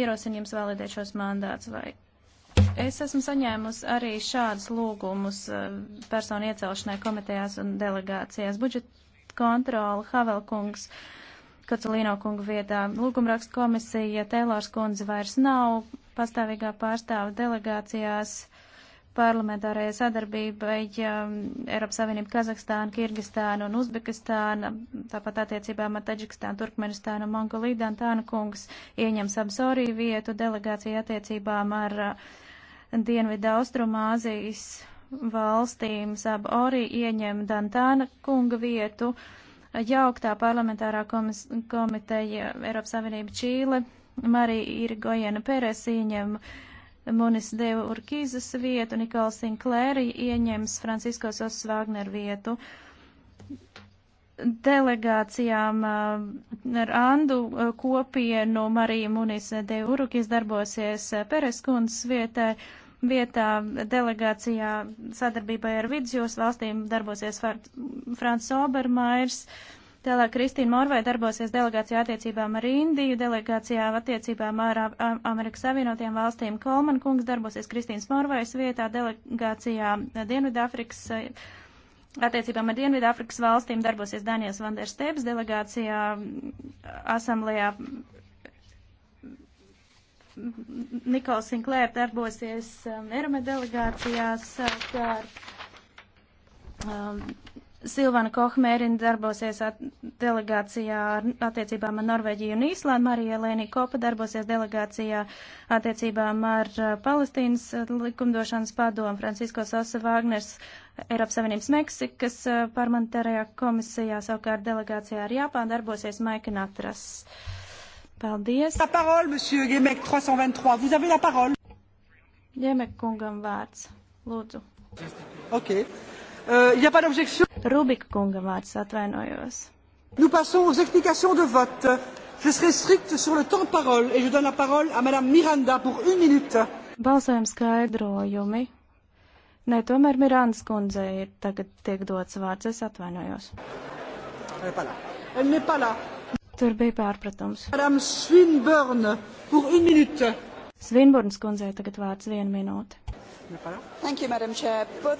ierosinu jums validēt šos mandāts. Vai? Es esmu saņēmusi arī šādus lūgumus eh, personu iecelšanai komitejās un delegācijās. Budžeta kontrola Havelkungs, Kocelīno kungu vietā, lūgumrakstu komisija, Tēlārs kundze vairs nav pastāvīgā pārstāva delegācijās parlamentārajai sadarbībai ja um, Eiropas Savienība Kazahstāna, Kirgistāna un Uzbekistāna, tāpat attiecībām ar Taģikstānu, Turkmenistānu un Mongoliju Dantāna kungs ieņems absorī vietu delegācija attiecībām ar uh, Dienvidu Austrumāzijas valstīm sab orī ieņem Dantāna kunga vietu, jauktā parlamentārā komis, komiteja Eiropas Savienība Čīle, Marija Irgojena Peres ieņem uh, Munis deva Urkīzas vietu, Nikola Sinklēri ieņems Francisko Sosas Vāgner vietu. Delegācijām eh, ar Andu eh, kopienu Marija Munis de Urukis darbosies eh, Pereskundas vietai vietā delegācijā sadarbībai ar vidusjūras valstīm darbosies Frants Obermairs. Uh, Tālāk Kristīna Morvai darbosies delegācijā attiecībām ar Indiju, delegācijā attiecībām ar Amerikas Savienotajām valstīm. Kolman kungs darbosies Kristīnas Morvais vietā, delegācijā Dienvidāfrikas attiecībām ar Dienvidāfrikas valstīm darbosies Daniels Vandersteps delegācijā asamblējā. Nikola Sinklēra darbosies um, Erome delegācijā savukārt. Um, Silvana Kohmērina darbosies at delegācijā ar attiecībām ar Norvēģiju un Īslānu, Marija Lēnī Kopa darbosies delegācijā attiecībām ar uh, Palestīnas uh, likumdošanas padomu, Francisko Sosa Vāgners Eiropas Savienības Meksikas uh, parlamentārajā komisijā, savukārt delegācijā ar Japānu darbosies Maika Natras. Paldies. La parole, monsieur Gemek 323. Vous avez la parole. Gemek kungam vārds. Lūdzu. Ok. Uh, y a pas d'objection. Rubika kungam vārds atvainojos. Nous passons aux explications de vote. Je serai stricte sur le temps de parole et je donne la parole à Madame Miranda pour une minute. Balsojam skaidrojumi. Nē, tomēr Mirandas kundze ir tagad tiek dots vārds, es atvainojos. Tur bija pārpratums. Madame Swinburne, pour une minute. Svinburnas kundzei tagad vārds vienu minūti. Thank you, Madam Chair. But...